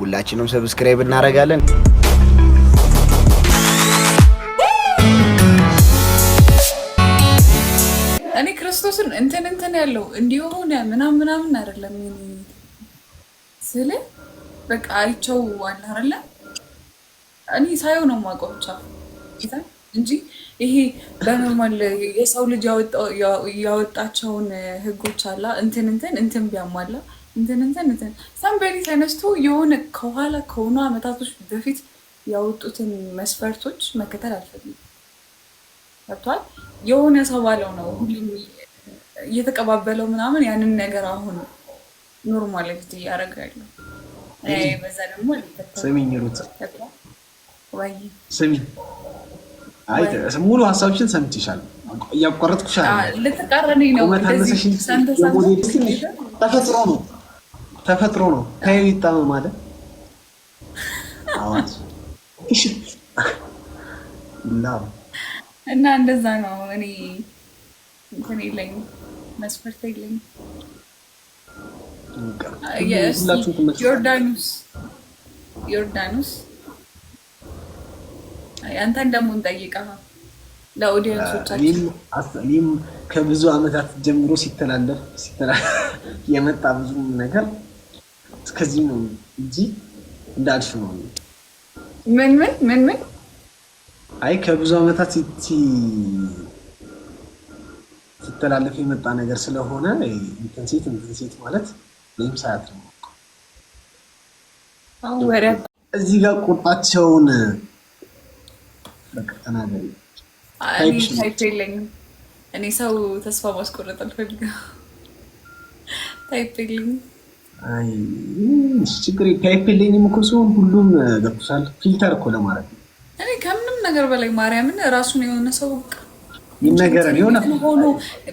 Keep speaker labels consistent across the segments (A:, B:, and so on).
A: ሁላችንም ሰብስክራይብ እናደርጋለን።
B: እኔ ክርስቶስን እንትን እንትን ያለው እንዲሆን ምናም ምናምን አይደለም ስለ በቃ አይቸው አለ እኔ ሳየው ነው የማውቀው ብቻ እንጂ ይሄ በመማል የሰው ልጅ ያወጣቸውን ህጎች አላ እንትን እንትን እንትን ቢያሟላ እንትን እንትን እንትን ሳምበሪ ተነስቶ የሆነ ከኋላ ከሆኑ አመታቶች በፊት ያወጡትን መስፈርቶች መከተል አልፈልግም። ገብቷል። የሆነ ሰው ባለው ነው ሁሉም እየተቀባበለው ምናምን ያንን ነገር አሁን ኖርማል ፊት በዛ ደግሞ
A: ስሚኝ ሩት ሙሉ ሰምትሻል። እያቋረጥኩሻል። ነው። ተፈጥሮ ነው ተፈጥሮ ነው። ከየው ይጣመም አለ።
B: እና እንደዛ ነው። እኔ እንትን የለኝ መስፈርት የለኝ። ዮርዳኖስ ዮርዳኖስ፣ አንተን ደግሞ እንጠይቀህ
A: ለኦዲየንሶቻችን ከብዙ ዓመታት ጀምሮ ሲተላለፍ ሲተላለፍ የመጣ ብዙ ነገር እስከዚህ ነው እንጂ እንዳልሽ ነው።
B: ምን ምን ምን ምን
A: አይ ከብዙ ዓመታት ሲተላለፍ የመጣ ነገር ስለሆነ እንትን ሴት እንትን ሴት ማለት ወይም ሰዓት ነው። እዚህ ጋር ቁጣቸውን በቃ ተናገሪ።
B: ታይፕ የለኝም እኔ ሰው ተስፋ ማስቆረጥ አልፈልግም። ታይፕ የለኝም።
A: ችግር ከይፈለኝም እኮ ሲሆን ሁሉም ገብቶሻል። ፊልተር እኮ ለማለት ነው።
B: እኔ ከምንም ነገር በላይ ማርያምን ራሱን የሆነ ሰው ነገር ሆነ ሆኖ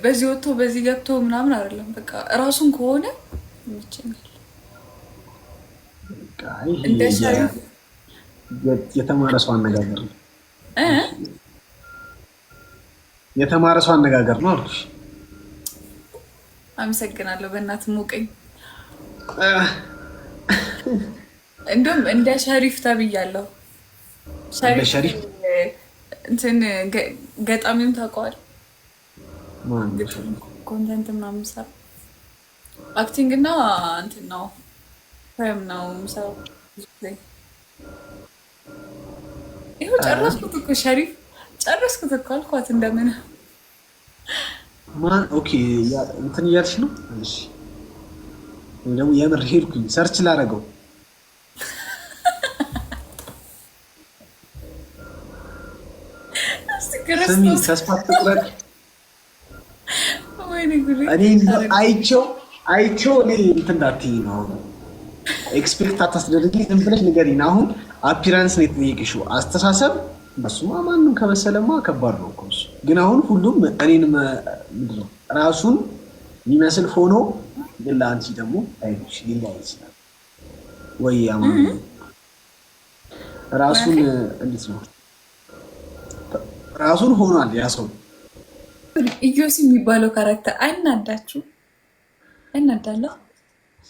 B: በዚህ ወጥቶ በዚህ ገብቶ ምናምን አይደለም። በቃ ራሱን ከሆነ ይመቸኛል።
A: የተማረ ሰው አነጋገር ነው። የተማረ ሰው አነጋገር ነው አልኩሽ።
B: አመሰግናለሁ። በእናትህ ሞቀኝ። እንዲሁም እንደ ሸሪፍ ተብያለሁ። ሸሪፍ እንትን ገጣሚም ታውቀዋል። ኮንተንት ምናምን የምሰራው አክቲንግ እና እንትን ነው ወይም ነው የምሰራው ብዙ ጊዜ። ይኸው ጨረስኩት እኮ ሸሪፍ ጨረስኩት እኮ አልኳት። እንደምን
A: ማን ኦኬ እንትን እያልሽ ነው? እሺ እንደው የምር ሄድኩኝ ሰርች ላደረገው አይቼው አይቼው እኔ እንትን ነው ኤክስፔክት አታስደርጊ። ዝም ብለሽ ንገሪኝ። አሁን አፒራንስ ነው አስተሳሰብ በሱማ ማንም ከመሰለማ ከባድ ነው እኮ እሱ። ግን አሁን ሁሉም እኔን ምንድን ነው ራሱን የሚመስል ሆኖ ግን ለአንቺ ደግሞ አይኖች ሊለያይ ይችላል ወይ ያማ ራሱን እንዴት ነው ራሱን ሆኗል ያ ሰው
B: ኢዮስ የሚባለው ካራክተር አይናዳችሁ አይናዳለሁ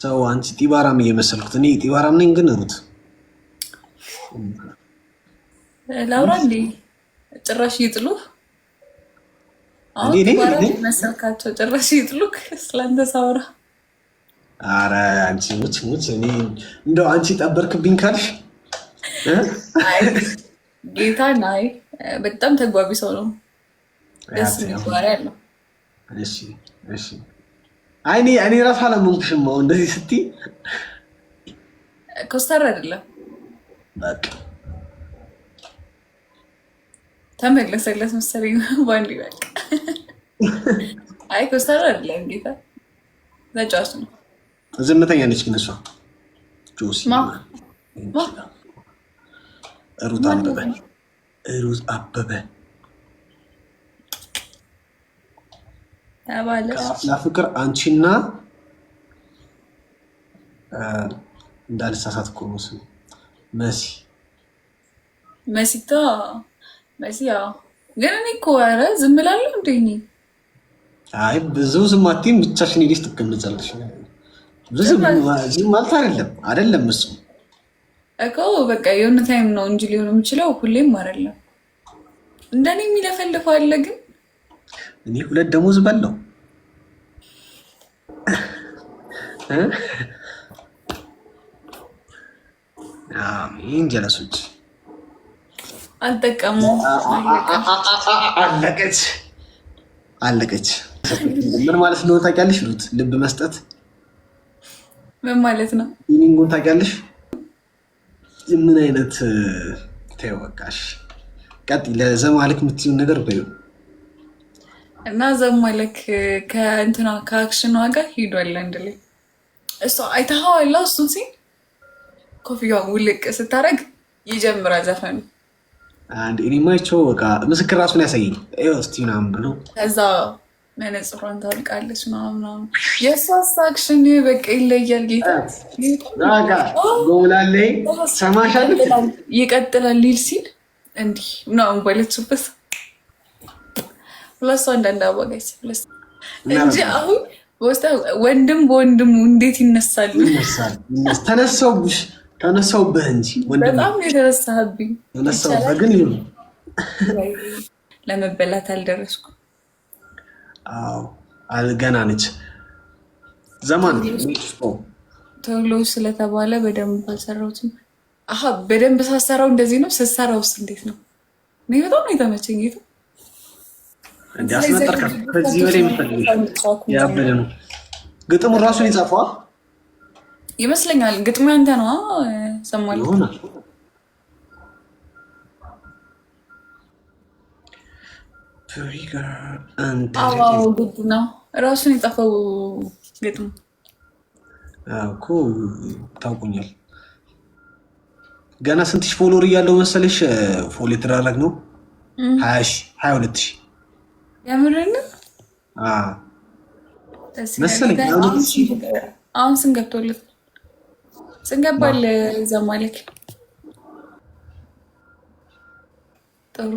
A: ሰው አንቺ ጢባራም እየመሰልኩት እኔ ጢባራም ነኝ ግን ሩት
B: ላውራ እንዴ ጭራሽ ይጥሉህ አሁን ጢባራ መሰልካቸው ጭራሽ ይጥሉክ ስላንተ ሳውራ
A: አረ አንቺ ሙት ሙት። እኔ እንደው አንቺ ጠበርክብኝ ካልሽ
B: ጌታ ናይ በጣም ተግባቢ ሰው ነው። ደስ የሚባል ያለው
A: አይኔ እኔ ራሱ አላመንኩሽም። አሁን እንደዚህ ስትይ
B: ኮስተር አይደለም። ተመለሰለት መሰለኝ በአንድ በቃ። አይ ኮስተር አይደለም ጌታ ተጫዋች ነው።
A: ዝምተኛ ነች ግን እሷ ጆሲ ሩት አበበ ሩት አበበ ለፍቅር አንቺና እንዳልሳሳት እኮ መሲ
B: መሲታ መሲ ግን እኔ እኮ ኧረ ዝም እላለሁ እንደ
A: አይ ብዙ ዝም አትይም ብቻሽን ሄደሽ ትቀመጫለሽ ዝም ማለት አይደለም አይደለም። እሱ
B: እኮ በቃ የሆነ ታይም ነው እንጂ ሊሆን የምችለው ሁሌም አይደለም። እንደኔ የሚለፈልፈው አለ። ግን
A: እኔ ሁለት ደሞዝ በላው ይህን ጀለሶች አልጠቀሙ አለቀች አለቀች። ምን ማለት ነው ታውቂያለሽ? ሉት ልብ መስጠት
B: ምን ማለት ነው?
A: ይህንን ታውቂያለሽ? ምን አይነት ተወቃሽ ቀጥ ለዘማልክ የምትይውን ነገር በዩ
B: እና ዘማልክ ከእንትና ከአክሽኗ ጋር ሂዷል አንድ ላይ እሷ አይተኸዋላ እሱን ሲል ኮፍያ ውልቅ ስታደርግ ይጀምራል ዘፈኑ።
A: እኔማ ይቸው በቃ ምስክር ራሱን ያሳየኝ ስ ምናምን ብሎ
B: ከዛ መነጽሯን ታልቃለች ምናምን የሳሳክሽን በቃ ይለያል። ጌታ ይቀጥላል ሊል ሲል እንዲህ ምናምን ባለችበት ሁለሱ አንዳንድ አባጋች እንጂ አሁን ወንድም በወንድሙ እንዴት ይነሳል?
A: ተነሳውብሽ ተነሳውብህ እንጂ
B: በጣም የተነሳህብኝ ግን ለመበላት አልደረስኩም።
A: ገና ነች። ዘማን
B: ተብሎ ስለተባለ በደንብ አልሰራሁትም። አሀ በደንብ ሳሰራው እንደዚህ ነው። ስሰራ ውስጥ እንዴት ነው? እኔ በጣም ነው የተመቸኝ።
A: ጌታ ያበደ ነው። ግጥሙ ራሱን የጻፈዋ
B: ይመስለኛል። ግጥሙ ያንተ ነው ሰማል
A: አዎ
B: ነው። የጻፈው ግጥም
A: እኮ ታውቁኛል። ገና ስንትሽ ፎሎወር እያለው መሰለሽ ፎሎ የተደራረግ ነው? ሀያ ሁለት
B: የምርን አሁን ስን ገብቶለት ስንገባል እዛ ጥሩ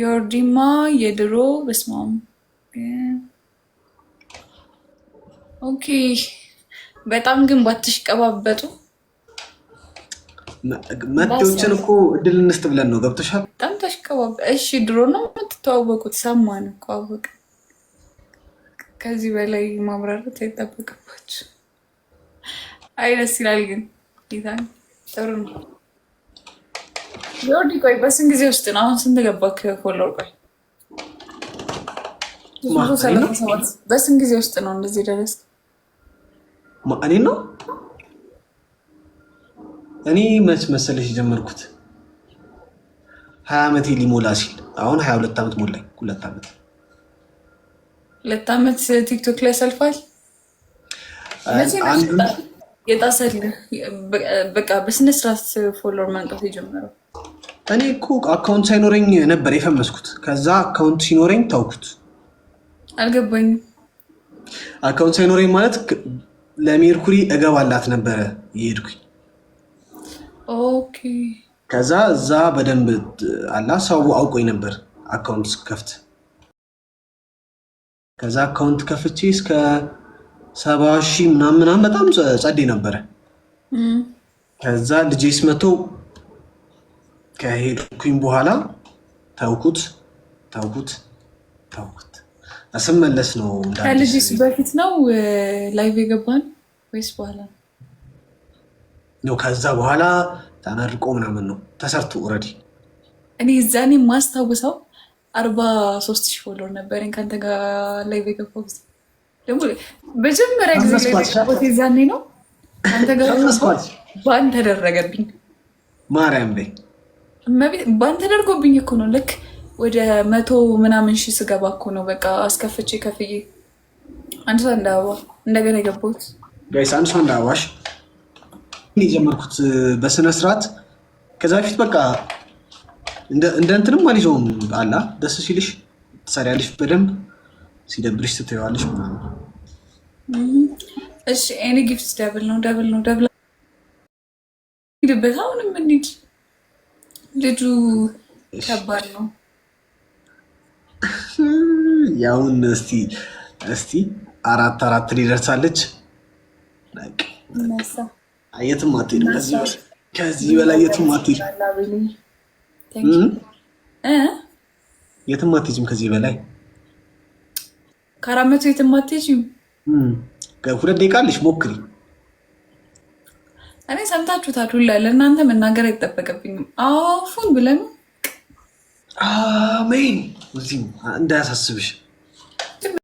B: ዮርዲማ የድሮ በስማም ኦኬ። በጣም ግን ባትሽቀባበጡ
A: መጤዎችን እኮ እድል እንስጥ ብለን ነው። ገብቶሻል?
B: በጣም ታሽቀባበ እሺ። ድሮ ነው የምትተዋወቁት። ሰማን እኮ አወቅ። ከዚህ በላይ ማብራራት አይጠበቅባችሁ። አይ ደስ ይላል ግን ጌታ ጥሩ ነው። ዮርዲ ቆይ፣ በስንት ጊዜ ውስጥ ነው? አሁን ስንት ገባ ፎሎወር? ቆይ በስንት ጊዜ ውስጥ ነው እንደዚህ ደረስ?
A: እኔ ነው እኔ መች መሰለሽ የጀመርኩት ሀያ ዓመቴ ሊሞላ ሲል አሁን ሀያ ሁለት ዓመት ሞላኝ። ሁለት ዓመት
B: ሁለት ዓመት ቲክቶክ ላይ ሰልፋል የጣሰልህ በቃ በስነስርዓት ፎሎወር ማንጣት የጀመረው
A: እኔ እኮ አካውንት ሳይኖረኝ ነበር የፈመስኩት። ከዛ አካውንት ሲኖረኝ ታውኩት። አልገባኝም። አካውንት ሳይኖረኝ ማለት ለሜርኩሪ እገባላት ነበረ ይሄድኩኝ። ኦኬ። ከዛ እዛ በደንብ አላ ሰው አውቆኝ ነበር አካውንት ከፍት። ከዛ አካውንት ከፍቼ እስከ ሰባ ሺህ ምናምን ምናምን በጣም ጸዴ ነበረ። ከዛ ልጄስ መቶ ከሄድኩኝ በኋላ ተውኩት ተውኩት ተውኩት። ስመለስ ነው
B: ከልጅስ በፊት ነው ላይቭ የገባን ወይስ በኋላ
A: ነው? ከዛ በኋላ ተመርቆ ምናምን ነው ተሰርቶ ኦልሬዲ።
B: እኔ እዛኔ ማስታውሰው አርባ ሶስት ሺህ ፎሎር ነበረኝ ከአንተ ጋር ላይቭ የገባው ጊዜ ደግሞ መጀመሪያ ጊዜ ላይ ዛኔ ነው ከአንተ ጋር ባን ተደረገብኝ ማርያም ላይ ባን ተደርጎብኝ እኮ ነው። ልክ ወደ መቶ ምናምን ሺህ ስገባ እኮ ነው በቃ አስከፍቼ ከፍዬ አንድ ሰው እንደ እንደገና የገባሁት
A: ጋይስ፣ አንድ ሰው እንደ የጀመርኩት በስነ ስርዓት ከዛ በፊት በቃ እንደ እንትንም አልይዘውም። አላ ደስ ሲልሽ ትሰሪያለሽ በደንብ ሲደብርሽ ትተዋለሽ ምናምን።
B: እሺ ኤኒ ጊፍት ደብል ነው ደብል ነው ደብል ሂድበት። አሁንም እንሂድ ልጁ ከባድ ነው።
A: ያውን እስቲ እስቲ አራት አራት ሊደርሳለች። የትም አትሄድም። ከዚህ በላይ የትም አትሄድም። የትም አትሄጂም። ከዚህ በላይ
B: ከአራት መቶ የትም አትሄጂም።
A: ሁለት ደቂቃ አለሽ፣ ሞክሪ
B: እኔ ሰምታችሁታል። ሁላ ለእናንተ መናገር አይጠበቅብኝም። አፉን ብለን
A: አሜን። እዚህ እንዳያሳስብሽ